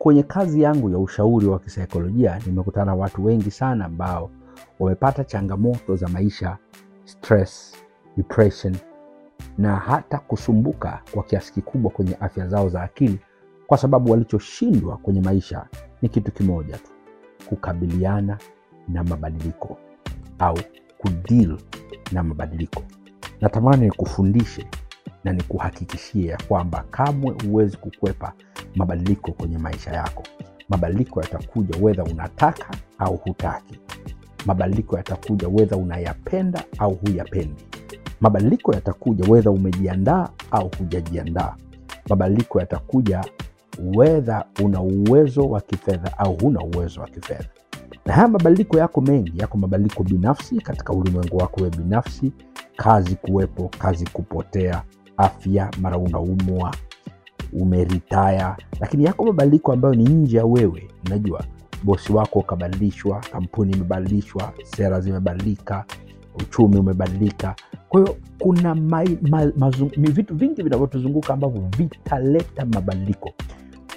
Kwenye kazi yangu ya ushauri wa kisaikolojia nimekutana watu wengi sana ambao wamepata changamoto za maisha, stress, depression na hata kusumbuka kwa kiasi kikubwa kwenye afya zao za akili, kwa sababu walichoshindwa kwenye maisha ni kitu kimoja tu, kukabiliana na mabadiliko au ku na mabadiliko. Natamani nikufundishe na nikuhakikishie ya kwamba kamwe huwezi kukwepa mabadiliko kwenye maisha yako. Mabadiliko yatakuja wedha unataka au hutaki. Mabadiliko yatakuja wedha unayapenda au huyapendi. Mabadiliko yatakuja wedha umejiandaa au hujajiandaa. Mabadiliko yatakuja wedha una uwezo wa kifedha au huna uwezo wa kifedha. Na haya mabadiliko yako mengi, yako mabadiliko binafsi katika ulimwengu wako we binafsi, kazi kuwepo, kazi kupotea, afya, mara unaumwa, umeritaya, lakini yako mabadiliko ambayo ni nje ya wewe. Unajua bosi wako ukabadilishwa, kampuni imebadilishwa, sera zimebadilika, uchumi umebadilika. Kwa hiyo kuna ma, ma, mazung, vitu vingi vinavyotuzunguka ambavyo vitaleta mabadiliko.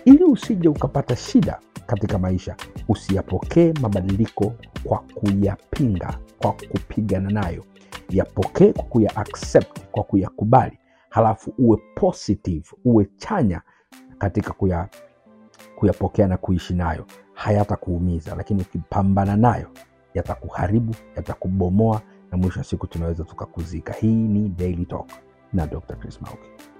Ili usije ukapata shida katika maisha, usiyapokee mabadiliko kwa kuyapinga, kwa kupigana nayo. Yapokee kwa kuya accept, kwa kuyakubali halafu uwe positive, uwe chanya katika kuya, kuyapokea na kuishi nayo. Hayatakuumiza, lakini ukipambana nayo yatakuharibu, yatakubomoa na mwisho wa siku tunaweza tukakuzika. Hii ni Daily Talk na Dr. Chris Mauki.